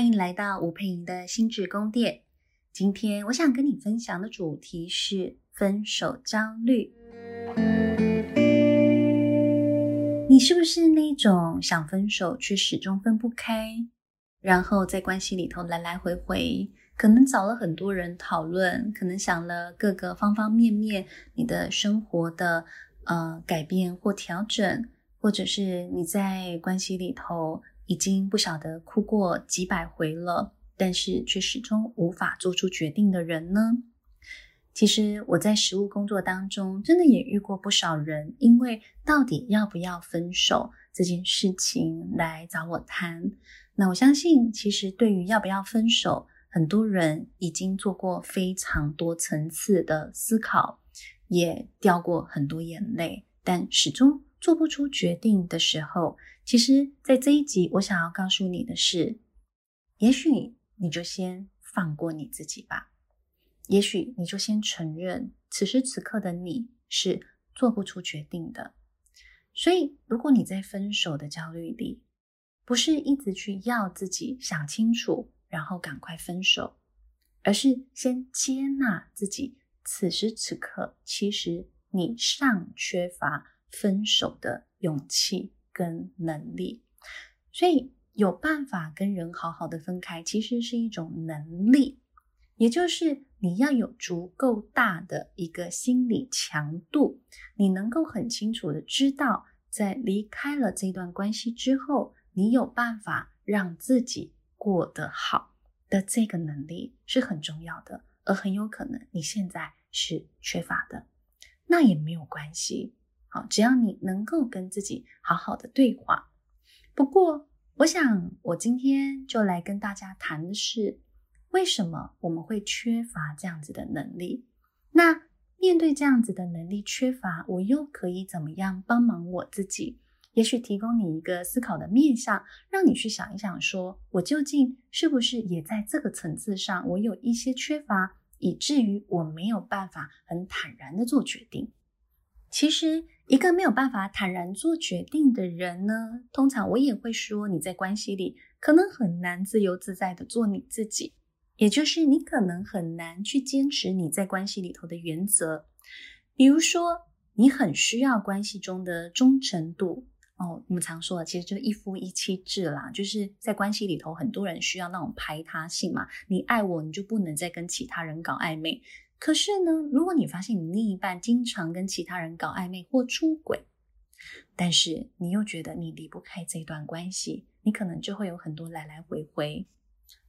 歡迎來到吳姵瑩的心智宮殿。今天我想跟你分享的主題是分手焦慮。你是不是那種想分手卻始終分不開，然後在關係裡頭來來回回？可能找了很多人討論，可能想了各個方方面面，你的生活的、呃、改變或調整，或者是你在關係裡頭。已經不曉得哭過幾百回了，但是卻始終無法做出決定的人呢？其實我在實務工作當中，真的也遇過不少人，因為到底要不要分手這件事情來找我談。那我相信，其實對於要不要分手，很多人已經做過非常多層次的思考，也掉過很多眼淚，但始終做不出決定的時候，其實，在這一集，我想要告訴你的是，也許你就先放過你自己吧。也許你就先承認，此時此刻的你是做不出決定的。所以，如果你在分手的焦慮裡，不是一直去要自己想清楚，然後趕快分手，而是先接納自己，此時此刻，其實你尚缺乏分手的勇氣。跟能力，所以有辦法跟人好好的分開。其實是一種能力，也就是你要有足夠大的一個心理強度，你能夠很清楚的知道，在離開了這段關係之後，你有辦法讓自己過得好的這個能力是很重要的，而很有可能你現在是缺乏的，那也沒有關係。好，只要你能夠跟自己好好的對話。不過，我想我今天就來跟大家談的是，為什麼我們會缺乏這樣子的能力？那面對這樣子的能力缺乏，我又可以怎麼樣幫忙我自己？也許提供你一個思考的面向，讓你去想一想說，說我究竟是不是也在這個層次上，我有一些缺乏，以至於我沒有辦法很坦然的做決定。其實，一個沒有辦法坦然做決定的人呢，通常我也會說，你在關係裡可能很難自由自在的做你自己，也就是你可能很難去堅持你在關係裡頭的原則。比如說，你很需要關係中的忠誠度哦，我們常說，其實就是一夫一妻制啦，就是在關係裡頭，很多人需要那種排他性嘛，你愛我，你就不能再跟其他人搞曖昧。可是呢，如果你發現你另一半經常跟其他人搞曖昧或出軌，但是你又覺得你離不開這段關係，你可能就會有很多來來回回。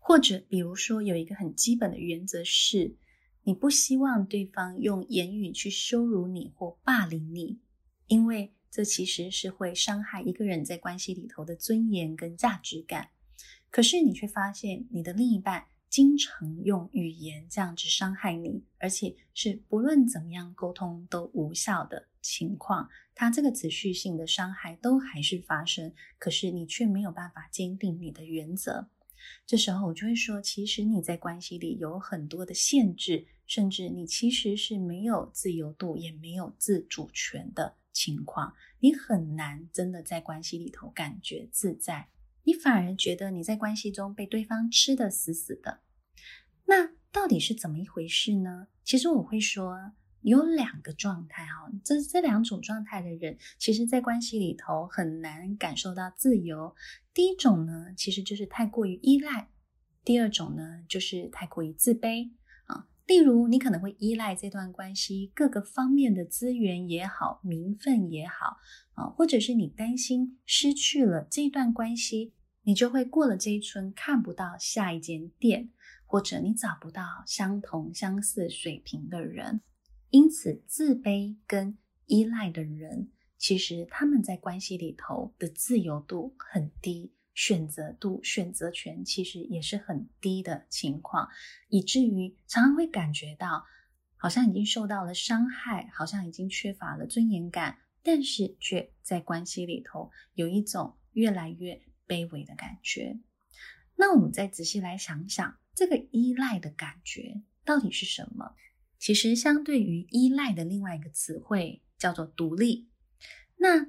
或者，比如說，有一個很基本的原則是，你不希望對方用言語去羞辱你或霸凌你，因為這其實是會傷害一個人在關係裡頭的尊嚴跟價值感。可是你卻發現你的另一半，經常用語言這樣子傷害你，而且是不論怎麼樣溝通都無效的情況，它這個持續性的傷害都還是發生，可是你卻沒有辦法堅定你的原則。這時候我就會說，其實你在關係裡有很多的限制，甚至你其實是沒有自由度，也沒有自主權的情況，你很難真的在關係裡頭感覺自在。你反而覺得你在關係中被對方吃得死死的，那到底是怎麼一回事呢？其實我會說有兩個狀態哦，就是，這兩種狀態的人，其實在關係裡頭很難感受到自由。第一種呢，其實就是太過於依賴；第二種呢，就是太過於自卑，哦，例如，你可能會依賴這段關係，各個方面的資源也好，名分也好，哦，或者是你擔心失去了這段關係。你就會過了這一村看不到下一間店，或者你找不到相同相似水平的人。因此，自卑跟依賴的人，其實他們在關係裡頭的自由度很低，選擇度、選擇權其實也是很低的情況，以至於常常會感覺到好像已經受到了傷害，好像已經缺乏了尊嚴感，但是却在關係裡頭有一種越來越。卑微的感覺，那我們再仔細來想想，這個依賴的感覺到底是什麼？其實，相對於依賴的另外一個詞彙叫做獨立。那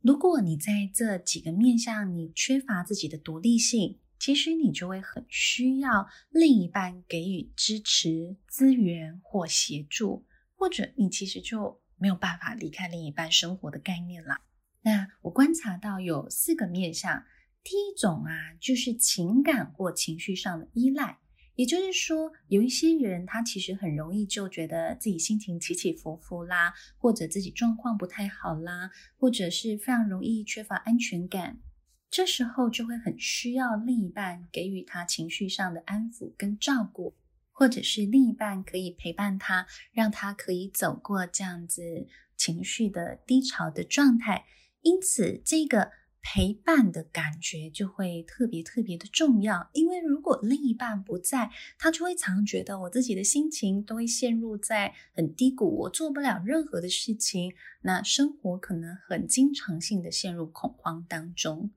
如果你在這幾個面向，你缺乏自己的獨立性，其實你就會很需要另一半給予支持、資源或協助，或者你其實就沒有辦法離開另一半生活的概念了。那我觀察到有四個面向。第一種啊，就是情感或情緒上的依賴，也就是說，有一些人他其實很容易就覺得自己心情起起伏伏啦，或者自己狀況不太好啦，或者是非常容易缺乏安全感，這時候就會很需要另一半給予他情緒上的安撫跟照顧，或者是另一半可以陪伴他，讓他可以走過這樣子情緒的低潮的狀態。因此，這個，陪伴的感覺就會特別特別的重要，因為如果另一半不在，他就會常覺得我自己的心情都會陷入在很低谷，我做不了任何的事情，那生活可能很經常性的陷入恐慌當中。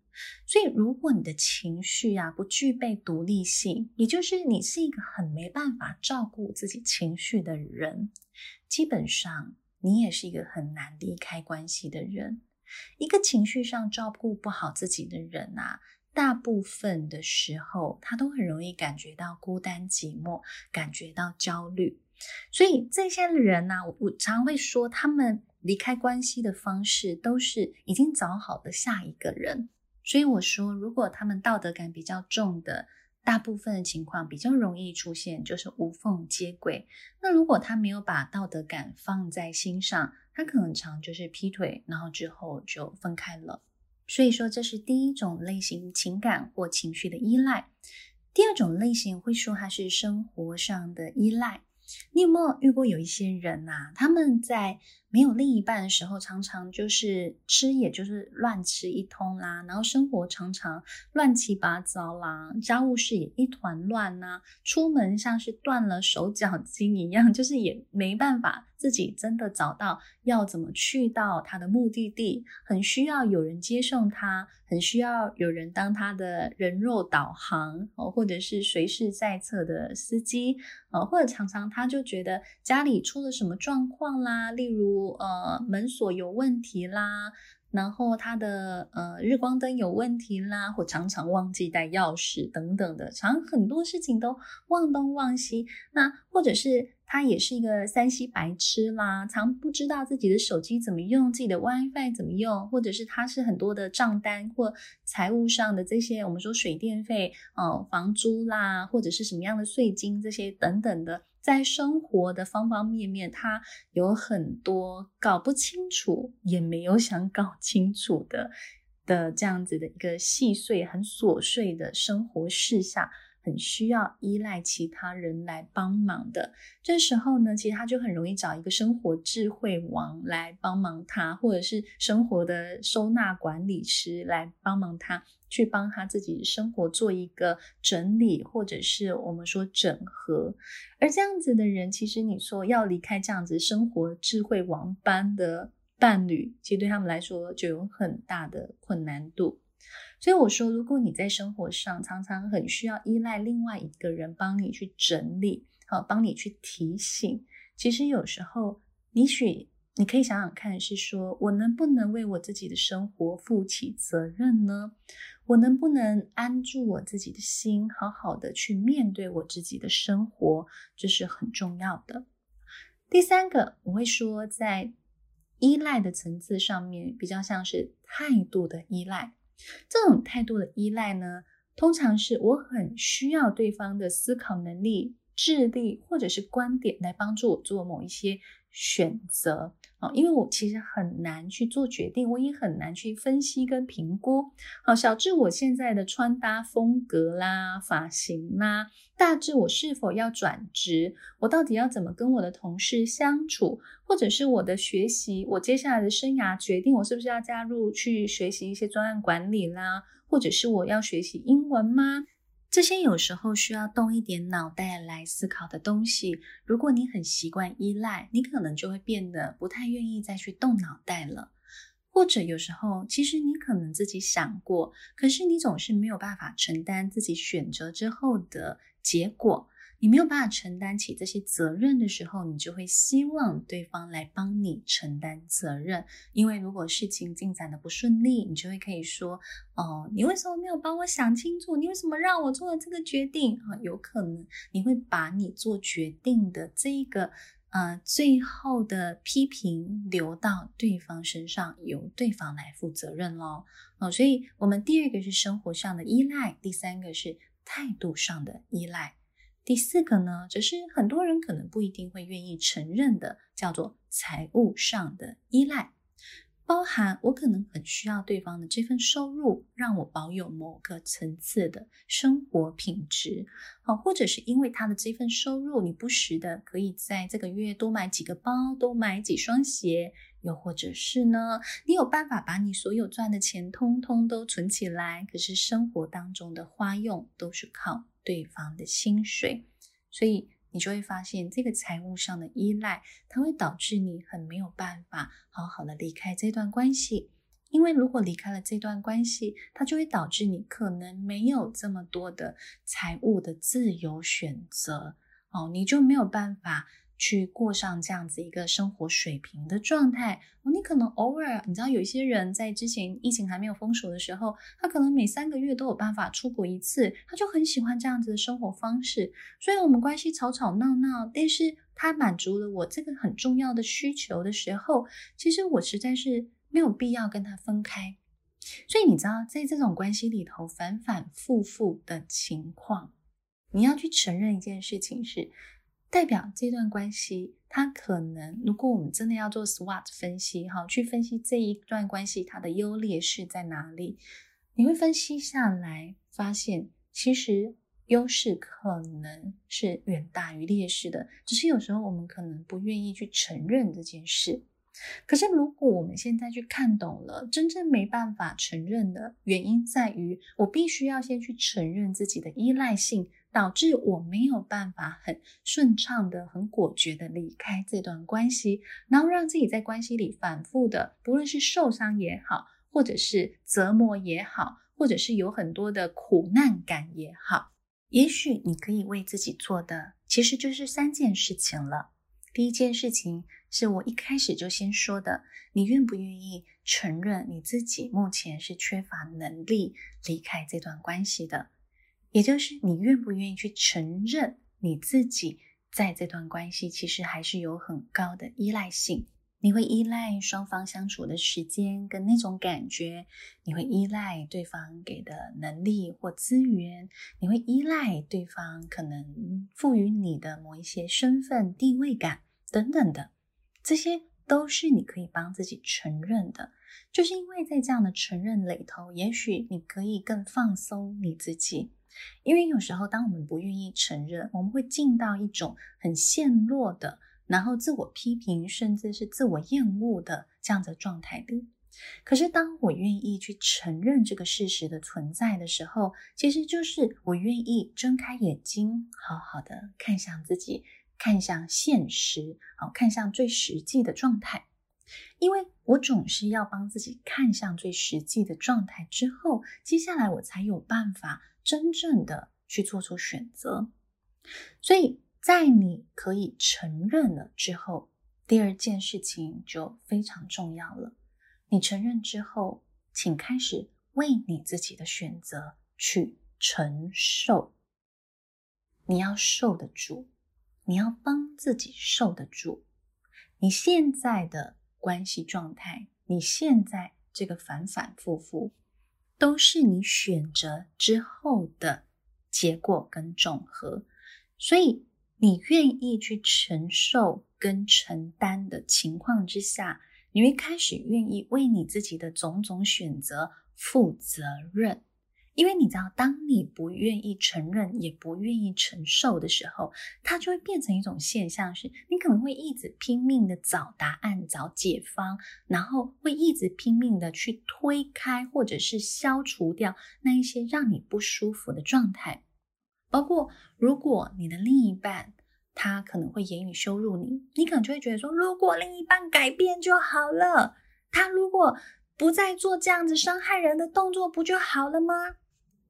所以，如果你的情緒啊不具備獨立性，也就是你是一個很沒辦法照顧自己情緒的人，基本上你也是一個很難離開關係的人。一個情緒上照顧不好自己的人啊，大部分的時候他都很容易感覺到孤單寂寞，感覺到焦慮。所以這些人啊，我常會說，他們離開關係的方式都是已經找好的下一個人。所以我說，如果他們道德感比較重的，大部分的情況比較容易出現，就是無縫接軌。那如果他沒有把道德感放在心上，他可能常就是劈腿，然後之後就分開了。所以說，這是第一種類型，情感或情緒的依賴。第二種類型會說他是生活上的依賴。你有沒有遇過有一些人吶、啊？他們在沒有另一半的時候，常常就是吃，也就是亂吃一通啦、啊，然後生活常常亂七八糟啦、啊，家務事也一團亂吶、啊，出門像是斷了手腳筋一樣，就是也沒辦法自己真的找到要怎麼去到他的目的地，很需要有人接送他，很需要有人當他的人肉導航哦，或者是隨侍在側的司機哦，或者常常他就覺得家裡出了什麼狀況啦，例如。呃，門鎖有問題啦，然後他的呃日光燈有問題啦，或常常忘記帶鑰匙等等的，常很多事情都忘東忘西。那或者是他也是一個 3C 白痴啦，常不知道自己的手機怎麼用，自己的 WiFi 怎麼用，或者是他是很多的賬單或財務上的這些，我們說水電費、呃、房租啦，或者是什麼樣的稅金這些等等的。在生活的方方面面，他有很多搞不清楚，也沒有想搞清楚的的這樣子的一個細碎，很瑣碎的生活事項。很需要依賴其他人來幫忙的。這時候呢，其實他就很容易找一個生活智慧王來幫忙他，或者是生活的收納管理師來幫忙他，去幫他自己的生活做一個整理，或者是我們說整合。而這樣子的人，其實你說要離開這樣子生活智慧王般的伴侶，其實對他們來說就有很大的困難度。所以我說，如果你在生活上常常很需要依賴另外一個人幫你去整理，好幫你去提醒，其實有時候也許，你可以想想看，是說我能不能為我自己的生活負起責任呢？我能不能安住我自己的心，好好的去面對我自己的生活？這是很重要的。第三個，我會說，在依賴的層次上面，比較像是態度的依賴。這種態度的依賴呢，通常是我很需要對方的思考能力，智力、或者是觀點來幫助我做某一些選擇啊、哦，因為我其實很難去做決定，我也很難去分析跟評估。好、哦，小至，我現在的穿搭風格啦、髮型啦，大至我是否要轉職？我到底要怎麼跟我的同事相處，或者是我的學習，我接下來的生涯決定，我是不是要加入去學習一些專案管理啦，或者是我要學習英文嗎？這些有時候需要動一點腦袋來思考的東西，如果你很習慣依賴，你可能就會變得不太願意再去動腦袋了。或者有時候，其實你可能自己想過，可是你總是沒有辦法承擔自己選擇之後的結果。你沒有辦法承擔起這些責任的時候，你就會希望對方來幫你承擔責任。因為如果事情進展的不順利，你就會可以說：“哦，你為什麼沒有幫我想清楚？你為什麼讓我做了這個決定？”啊、哦，有可能你會把你做決定的這一個呃最後的批評留到對方身上，由對方來負責任咯。哦，所以我們第二個是生活上的依賴，第三個是態度上的依賴。第四個呢，則是很多人可能不一定會願意承認的，叫做財務上的依賴，包含我可能很需要對方的這份收入，讓我保有某個層次的生活品質，好，或者是因為他的這份收入，你不時的可以在這個月多買幾個包，多買幾雙鞋。又或者是呢，你有辦法把你所有賺的錢通通都存起來，可是生活當中的花用都是靠對方的薪水，所以你就會發現這個財務上的依賴，它會導致你很沒有辦法好好的離開這段關係，因為如果離開了這段關係，它就會導致你可能沒有這麼多的財務的自由選擇哦，你就沒有辦法。去過上這樣子一個生活水平的狀態，你可能偶爾，你知道有一些人在之前疫情還沒有封鎖的時候，他可能每三個月都有辦法出國一次，他就很喜歡這樣子的生活方式。所以我們關係吵吵鬧鬧，但是他滿足了我這個很重要的需求的時候，其實我實在是沒有必要跟他分開。所以你知道，在這種關係裡頭反反复复的情況，你要去承認一件事情是，代表這段關係，它可能，如果我們真的要做 SWOT 分析，好，去分析這一段關係它的優劣勢在哪裡，你會分析下來發現，其實優勢可能是遠大於劣勢的，只是有時候我們可能不願意去承認這件事。可是如果我們現在去看懂了，真正沒辦法承認的原因在於，我必須要先去承認自己的依賴性。導致我沒有辦法很順暢的、很果決的離開這段關係，然後讓自己在關係裡反覆的，不論是受傷也好，或者是折磨也好，或者是有很多的苦難感也好，也許你可以為自己做的其實就是三件事情了。第一件事情是我一開始就先說的，你願不願意承認你自己目前是缺乏能力離開這段關係的？也就是你願不願意去承認你自己在這段關係其實還是有很高的依賴性。你會依賴雙方相處的時間跟那種感覺，你會依賴對方給的能力或資源，你會依賴對方可能賦予你的某一些身份地位感等等的，這些都是你可以幫自己承認的。就是因為在這樣的承認裡頭，也許你可以更放鬆你自己。因為有時候，當我們不願意承認，我們會進到一種很陷落的，然後自我批評，甚至是自我厭惡的這樣的狀態裡。可是，當我願意去承認這個事實的存在的時候，其實就是我願意睜開眼睛，好好的看向自己，看向現實，看向最實際的狀態。因為我總是要幫自己看向最實際的狀態之後，接下來我才有辦法。真正的去做出選擇，所以在你可以承認了之後，第二件事情就非常重要了。你承認之後，請開始為你自己的選擇去承受。你要受得住，你要幫自己受得住。你現在的關係狀態，你現在這個反反复复。都是你選擇之後的結果跟總和，所以你願意去承受跟承擔的情況之下，你會開始願意為你自己的種種選擇負責任。因為你知道，當你不願意承認，也不願意承受的時候，它就會變成一種現象是，是你可能會一直拼命的找答案、找解方，然後會一直拼命的去推開或者是消除掉那一些讓你不舒服的狀態。包括如果你的另一半他可能會言語羞辱你，你可能就會覺得說，如果另一半改變就好了，他如果不再做這樣子傷害人的動作，不就好了嗎？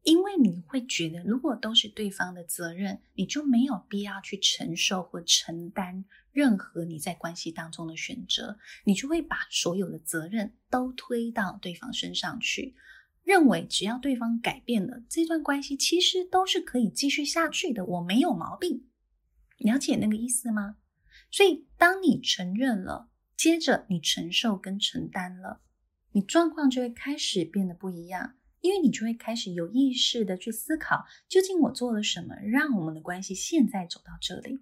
因為你會覺得，如果都是對方的責任，你就沒有必要去承受或承擔任何你在關係當中的選擇，你就會把所有的責任都推到對方身上去，認為只要對方改變了，這段關係其實都是可以繼續下去的。我沒有毛病，了解那個意思嗎？所以當你承認了，接着你承受跟承擔了，你狀況就會開始變得不一樣。因為你就會開始有意識的去思考，究竟我做了什麼，讓我們的關係現在走到這裡？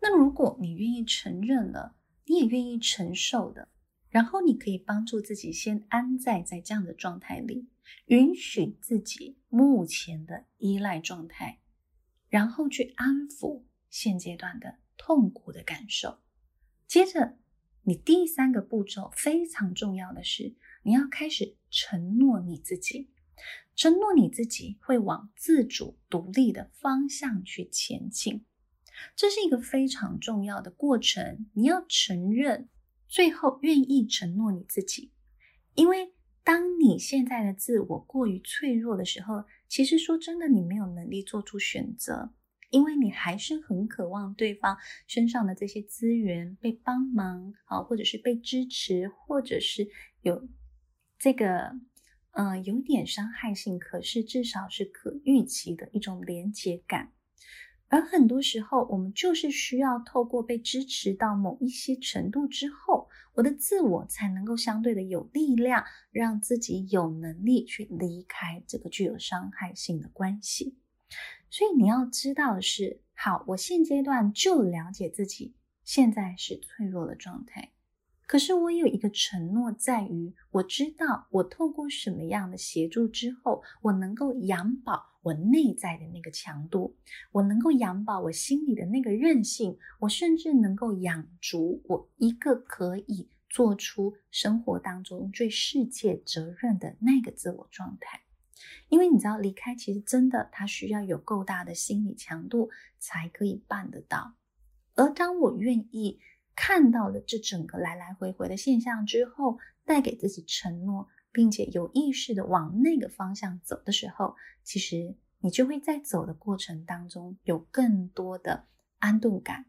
那如果你願意承認了，你也願意承受的，然後你可以幫助自己先安在在這樣的狀態裡，允許自己目前的依賴狀態，然後去安撫現階段的痛苦的感受，接着。你第三個步驟非常重要的是，你要開始承諾你自己，承諾你自己會往自主獨立的方向去前進，這是一個非常重要的過程。你要承認，最後願意承諾你自己，因為當你現在的自我過於脆弱的時候，其實說真的，你沒有能力做出選擇。因為你還是很渴望對方身上的這些資源，被幫忙啊，或者是被支持，或者是有這個嗯、呃、有點傷害性，可是至少是可預期的一種連結感。而很多時候，我們就是需要透過被支持到某一些程度之後，我的自我才能夠相對的有力量，讓自己有能力去離開這個具有傷害性的關係。所以你要知道的是，好，我現階段就了解自己現在是脆弱的狀態。可是我有一個承諾，在於我知道我透過什麼樣的協助之後，我能夠養飽我內在的那個強度，我能夠養飽我心裡的那個韌性，我甚至能夠養足我一個可以做出生活當中對世界責任的那個自我狀態。因為你知道，離開其實真的，他需要有夠大的心理強度才可以辦得到。而當我願意看到了這整個來來回回的現象之後，帶給自己承諾，並且有意識的往那個方向走的時候，其實你就會在走的過程當中有更多的安頓感，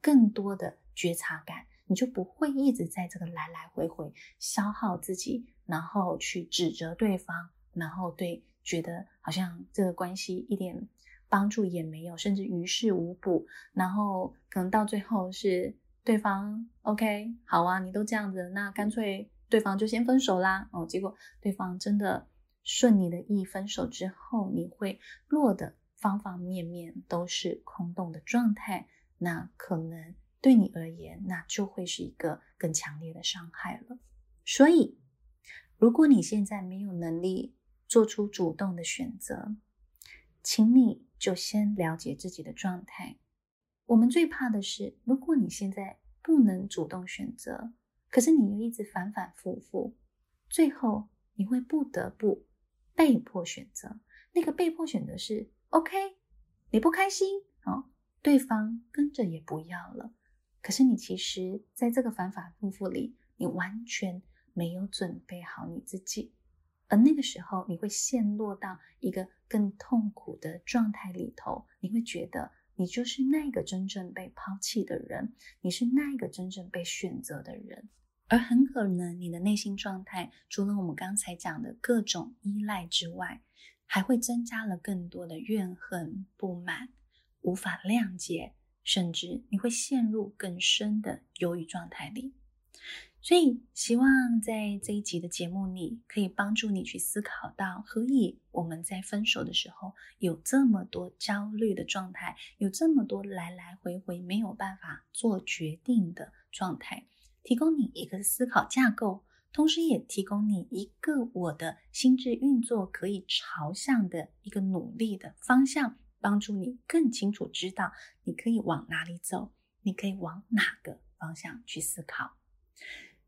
更多的覺察感，你就不會一直在這個來來回回消耗自己，然後去指責對方。然後對，覺得好像這個關係一點幫助也沒有，甚至於事無補。然後可能到最後是對方 OK，好啊，你都這樣子，那乾脆對方就先分手啦。哦，結果對方真的順你的意分手之後，你會落得方方面面都是空洞的狀態。那可能對你而言，那就會是一個更強烈的傷害了。所以，如果你現在沒有能力，做出主動的選擇，請你就先了解自己的狀態。我們最怕的是，如果你現在不能主動選擇，可是你又一直反反复覆最後你會不得不被迫選擇。那個被迫選擇是 OK，你不開心哦，對方跟着也不要了。可是你其實在這個反反复覆裡你完全沒有準備好你自己。而那個時候，你會陷落到一個更痛苦的狀態裡頭。你會覺得，你就是那個真正被拋棄的人，你是那個真正被選擇的人。而很可能，你的內心狀態，除了我們剛才講的各種依賴之外，還會增加了更多的怨恨、不滿、無法諒解，甚至你會陷入更深的憂鬱狀態裡。所以，希望在這一集的節目裡，可以幫助你去思考到，何以我們在分手的時候有這麼多焦慮的狀態，有這麼多來來回回沒有辦法做決定的狀態，提供你一個思考架構，同時也提供你一個我的心智運作可以朝向的一個努力的方向，幫助你更清楚知道你可以往哪裡走，你可以往哪個方向去思考。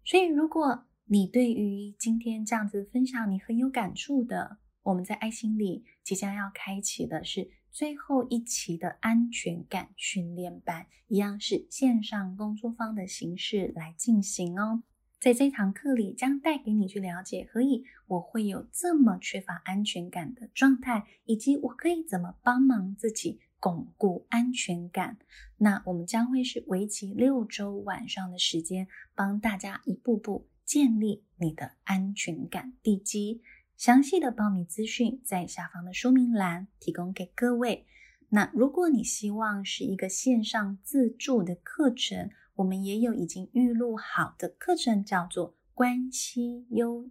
所以，如果你對於今天這樣子分享你很有感觸的，我們在愛心理即將要開啟的是最後一期的安全感訓練班，一樣是線上工作坊的形式來進行哦。在這堂課裡，將帶給你去了解，何以我會有這麼缺乏安全感的狀態，以及我可以怎麼幫忙自己。鞏固安全感，那我們將會是為期六周晚上的時間，幫大家一步步建立你的安全感地基。詳細的報名資訊在下方的說明欄提供給各位。那如果你希望是一個線上自助的課程，我們也有已經預錄好的課程，叫做《關係憂鬱》。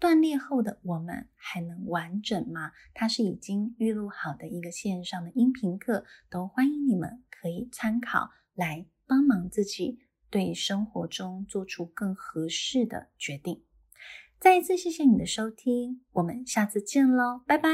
斷裂後的我們還能完整嗎？它是已經預錄好的一個線上的音頻課，都歡迎你們可以參考，來幫忙自己對生活中做出更合適的決定。再一次謝謝你的收聽，我們下次見嘍，拜拜。